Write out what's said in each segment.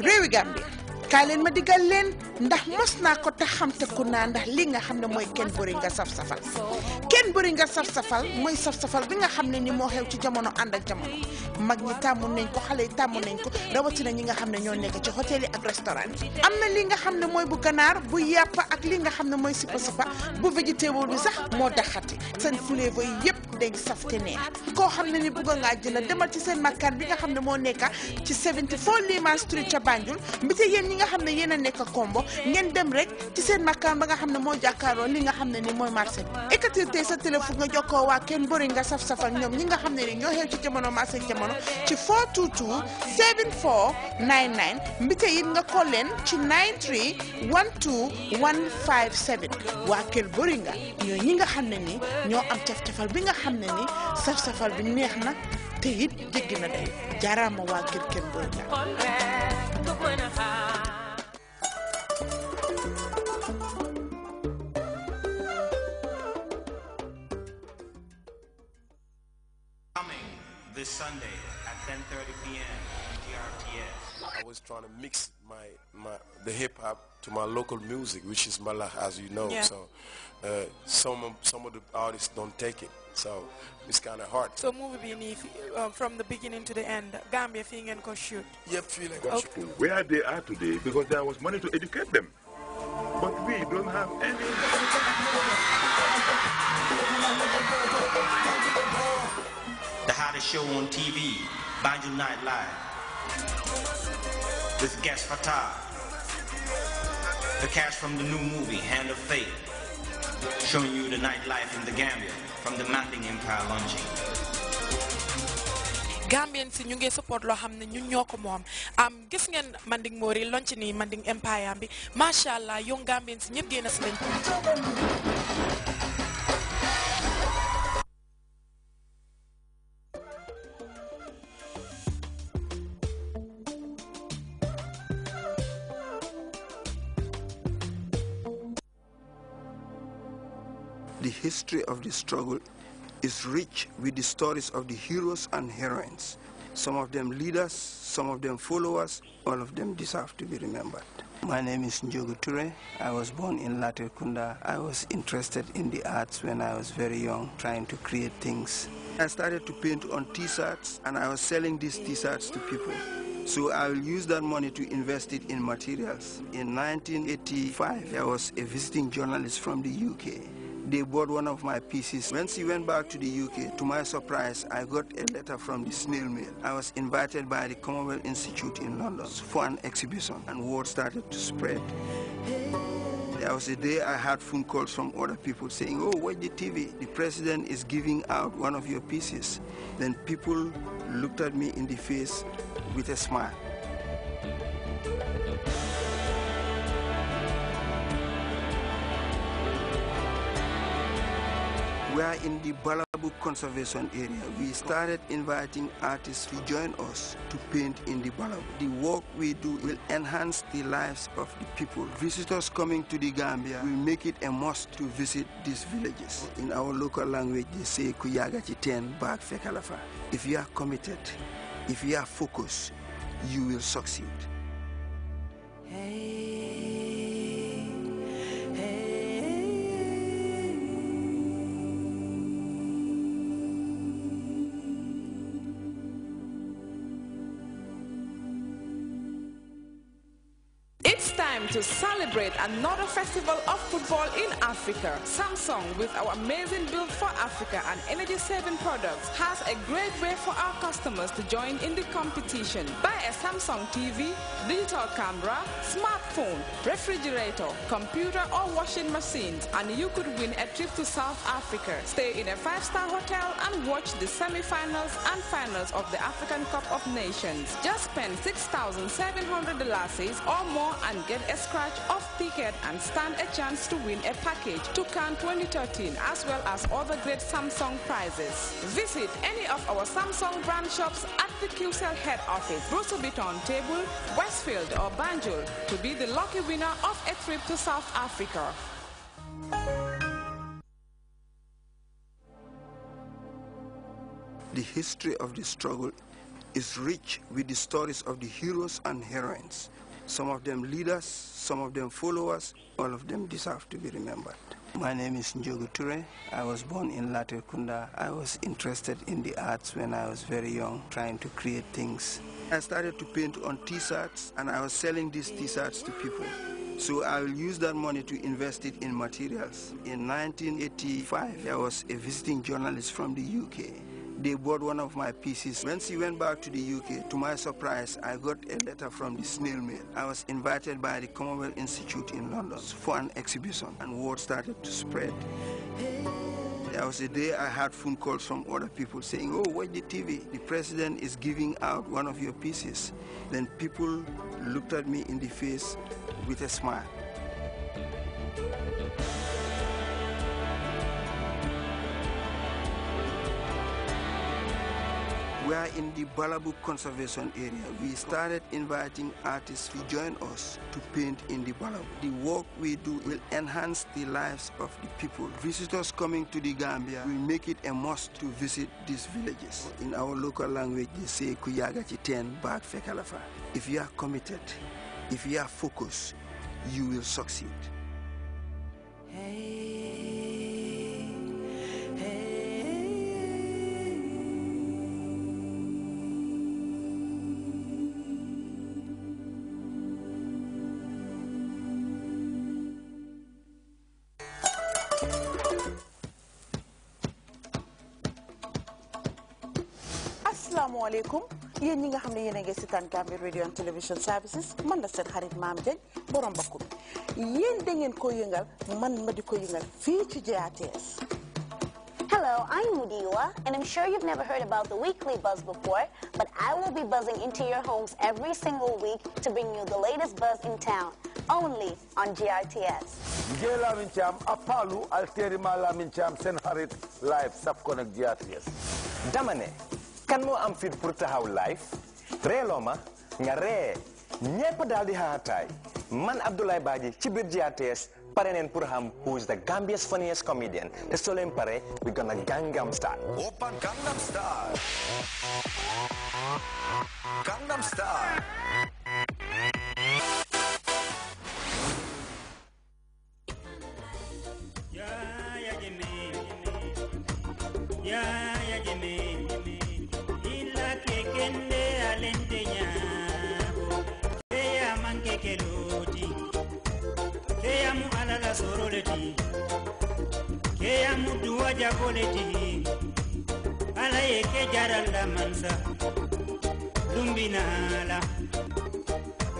réewi Gambia kaay leen ma digal leen ndax mos naa ko te xam te ku naa ndax li nga xam ne mooy kenn bëri nga saf-safal kenn bëri nga saf-safal mooy saf-safal bi nga xam ne ni moo xew ci jamono ànd ak jamono mag ñi tàmmoon nañ ko xale yi tàmmoon nañ ko da rawatina ñi nga xam ne ñoo nekk ci hôtel yi ak restaurant yi am na li nga xam ne mooy bu ganaar bu yàpp ak li nga xam ne mooy sipa sipa bu végétable bi sax moo daxati seen flavour yi yëpp denc saf te neex koo xam ne ni bëgg ngaa jëla demal ci seen makkaat bi nga xam ne moo nekka ci 74 Lima Street ca Banjul mbite yéen nga xam ne yéen a nekk kombo ngeen dem rek ci seen makkaan ba nga xam ne moo jàkkaaroo li nga xam ne ni mooy marché bi ekkatil tey sa téléphone nga jokkoo waa kenn bëri nga saf safal ñoom ñi nga xam ne ni ñoo xew ci jamono marché jamono ci 422 7499 mbite yit nga ko leen ci 93 12157 waa kenn bëri nga ñoo ñi nga xam ne ni ñoo am caf-cafal bi nga ni saf-safal bi neex na te it na day kër Coming this Sunday at 10:30 p.m. I was trying to mix my, my the hip hop to my local music, which is Malah, as you know. Yeah. So uh, some of, some of the artists don't take it, so it's kind of hard. So movie beneath uh, from the beginning to the end, Gambia thing and Koshoot. Yep, feeling okay. Where they are today, because there was money to educate them, but we don't have any. The hottest show on TV, Banjo Night Live. This guest Gas Fatah. The cash from the new movie, Hand of Fate. Showing you the nightlife in the Gambia from the Manding Empire launching. Gambians si ñu ngi support loo xam ne ñun ñoo ko am gis ngeen Manding Mori lonc nii Manding Empire bi macha allah young Gambian si ñëpp génn si The history of the struggle is rich with the stories of the heroes and heroines, some of them leaders, some of them followers, all of them deserve to be remembered. My name is Njogu Ture. I was born in Latrikunda. I was interested in the arts when I was very young, trying to create things. I started to paint on t-shirts and I was selling these t-shirts to people. So I will use that money to invest it in materials. In 1985, I was a visiting journalist from the UK they bought one of my pieces. When she went back to the UK, to my surprise, I got a letter from the snail mail. I was invited by the Commonwealth Institute in London for an exhibition, and word started to spread. There was a day I had phone calls from other people saying, oh, watch the TV. The president is giving out one of your pieces. Then people looked at me in the face with a smile. we are in the Balabu Conservation Area. We started inviting artists to join us to paint in the Balabu. The work we do will enhance the lives of the people. Visitors coming to the Gambia will make it a must to visit these villages. In our local language, they say Kuyagachi Ten Bag Fekalafa. If you are committed, if you are focused, you will succeed. Hey. to celebrate another festival of football in Africa. Samsung, with our amazing Build for Africa and energy-saving products, has a great way for our customers to join in the competition. Buy a Samsung TV, digital camera, smartphone, refrigerator, computer or washing machines, and you could win a trip to South Africa. Stay in a five-star hotel and watch the semi-finals and finals of the African Cup of Nations. Just spend $6,700 or more and get a scratch off ticket and stand a chance to win a package to Cannes 2013 as well as other great Samsung prizes. Visit any of our Samsung brand shops at the QCell head office, Brusubiton Table, Westfield or Banjul to be the lucky winner of a trip to South Africa. The history of the struggle is rich with the stories of the heroes and heroines some of them leaders, some of them followers, all of them deserve to be remembered. My name is Njogu Ture. I was born in Latrikunda. I was interested in the arts when I was very young, trying to create things. I started to paint on t-shirts and I was selling these t-shirts to people. So I will use that money to invest it in materials. In 1985, I was a visiting journalist from the UK they bought one of my pieces. When she went back to the UK, to my surprise, I got a letter from the snail mail. I was invited by the Commonwealth Institute in London for an exhibition, and word started to spread. There was a day I had phone calls from other people saying, oh, watch the TV. The president is giving out one of your pieces. Then people looked at me in the face with a smile. We are in the Balabu Conservation Area. We started inviting artists to join us to paint in the Balabu. The work we do will enhance the lives of the people. Visitors coming to the Gambia will make it a must to visit these villages. In our local language, they say Kuyagachi Ten Bag Fekalafa. If you are committed, if you are focused, you will succeed. yéen ñi nga yéen radio and television services man la seen xarit maam borom bakku yéen ngeen ko yëngal man ma di ko yëngal ci Hello, I'm Mudiwa, and I'm sure you've never heard about the weekly buzz before, but I will be buzzing into your homes every single week to bring you the latest buzz in town, only on GRTS. GRTS. Damane. kan mo am fit pour taxaw live loma nga ré ñepp dal di xaxataay man Abdoulaye Badji ci bir GRTS pare pour ham who is the Gambia's funniest comedian the soo pare we gonna Gangnam star. Open Gangnam star. Gangnam star ala ye ke mansa lumbina ala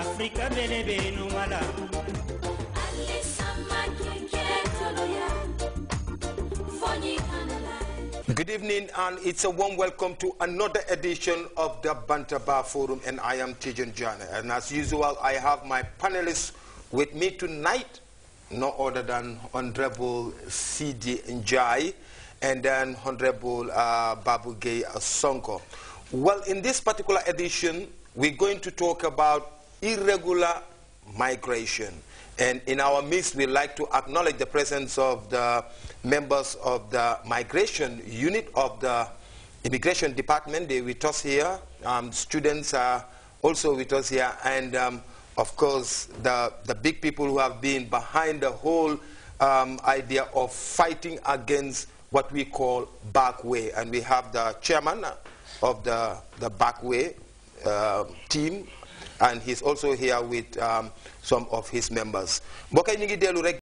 afrika bele Good evening, and it's a warm welcome to another edition of the Bantaba Forum, and I am Tijan Jana. And as usual, I have my panelists with me tonight no other than Honorable C.D. Njai and then Honorable uh, Babu Gay Sonko. Well, in this particular edition, we're going to talk about irregular migration. And in our midst, we would like to acknowledge the presence of the members of the migration unit of the Immigration Department. They with us here. Um, students are also with us here. And um, of course, the, the big people who have been behind the whole um, idea of fighting against what we call back way. And we have the chairman of the, the back way uh, team, and he's also here with um, some of his members.